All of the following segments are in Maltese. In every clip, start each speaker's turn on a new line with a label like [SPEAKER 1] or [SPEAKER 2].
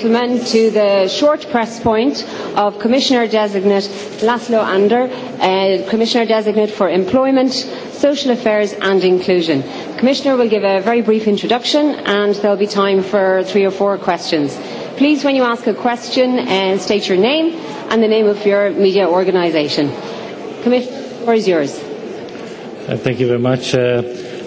[SPEAKER 1] Gentlemen, to the short press point of Commissioner Designate Laszlo Ander, uh, Commissioner Designate for Employment, Social Affairs and Inclusion. The Commissioner will give a very brief introduction and there will be time for three or four questions. Please, when you ask a question, uh, state your name and the name of your media organisation. Commissioner, the floor is yours.
[SPEAKER 2] Uh, thank you very much. Uh,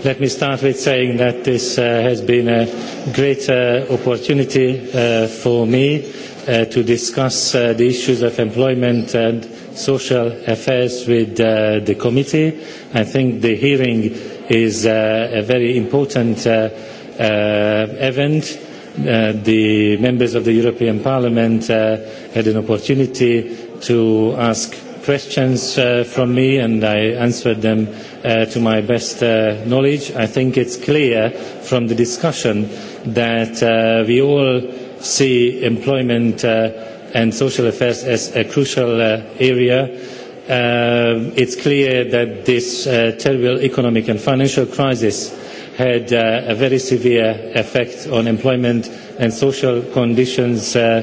[SPEAKER 2] Let me start with saying that this uh, has been a great uh, opportunity uh, for me uh, to discuss uh, the issues of employment and social affairs with uh, the committee. I think the hearing is uh, a very important uh, uh, event. Uh, the members of the European Parliament uh, had an opportunity to ask questions uh, from me and I answered them uh, to my best uh, knowledge. I think it's clear from the discussion that uh, we all see employment uh, and social affairs as a crucial uh, area uh, it's clear that this uh, terrible economic and financial crisis had uh, a very severe effect on employment and social conditions uh,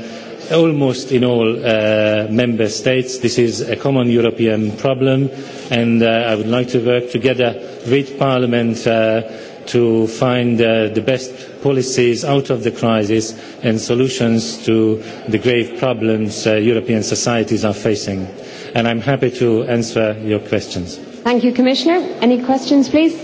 [SPEAKER 2] almost in all uh, member states. This is a common European problem and uh, I would like to work together with Parliament uh, to find uh, the best policies out of the crisis and solutions to the grave problems uh, European societies are facing. And I'm happy to answer your questions.
[SPEAKER 1] Thank you, Commissioner. Any questions, please?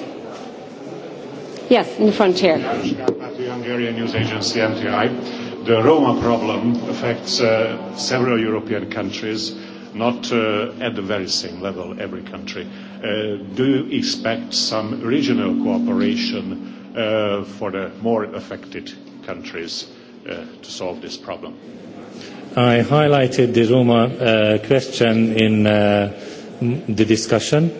[SPEAKER 1] Yes, in the front here.
[SPEAKER 2] Hungarian News Agency, MTI. The Roma problem affects uh, several European countries, not uh, at the very same level, every country. Uh, do you expect some regional cooperation uh, for the more affected countries uh, to solve this problem? I highlighted the Roma uh, question in uh, the discussion,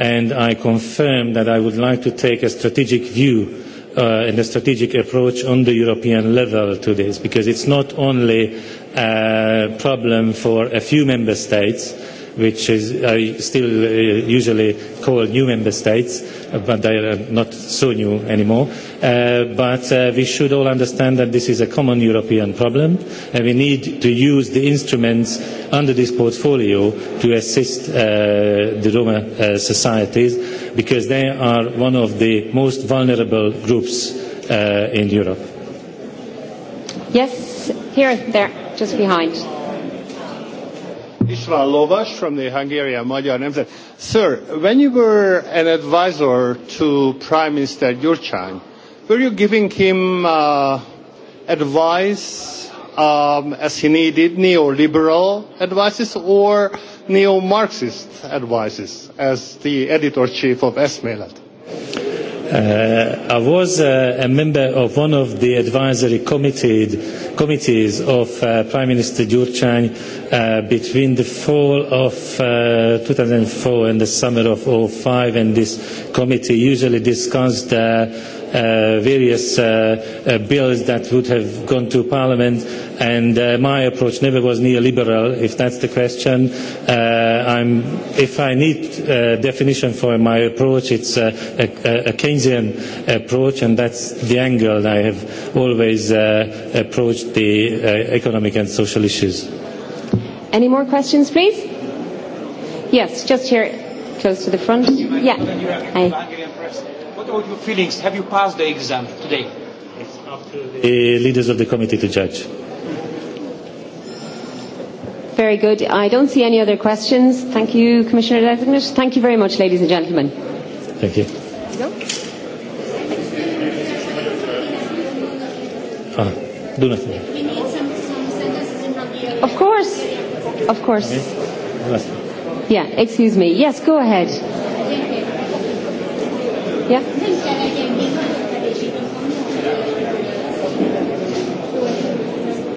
[SPEAKER 2] and I confirm that I would like to take a strategic view uh, and a strategic approach on the European level to this, because it's not only a problem for a few member states, which is, are still uh, usually called new member states, uh, but they are not so new anymore. Uh, but uh, we should all understand that this is a common European problem, and we need to use the instruments under this portfolio to assist uh, the Roma uh, societies, because they are one of the most vulnerable groups uh, in Europe.
[SPEAKER 1] Yes, here, there, just behind.
[SPEAKER 2] István Lovas from the Hungarian Magyar Nemzet. Sir, when you were an advisor to Prime Minister Gyurcsány, were you giving him uh, advice um, as he needed neoliberal advices or neo-Marxist advices as the editor-chief of Esmélet? Uh, I was uh, a member of one of the advisory committees committees of uh, Prime Minister Gyurcsány uh, between the fall of uh, 2004 and the summer of 2005 and this committee usually discussed uh, uh, various uh, uh, bills that would have gone to Parliament, and uh, my approach never was neoliberal, if that's the question. Uh, I'm, if I need uh, definition for my approach, it's uh, a, a Keynesian approach, and that's the angle I have always uh, approached the uh, economic and social issues.
[SPEAKER 1] Any more questions, please? Yes, just here, close to the front. Yeah. Hi.
[SPEAKER 2] What are your feelings? Have you passed the exam today? It's up to the leaders of the committee to judge.
[SPEAKER 1] Very good. I don't see any other questions. Thank you, Commissioner Designate. Thank you very much, ladies and gentlemen. Thank you.
[SPEAKER 2] Uh ah. -huh. Do nothing.
[SPEAKER 1] Of course. Of course. Okay. Yeah, excuse me. Yes, go ahead.
[SPEAKER 2] Yeah?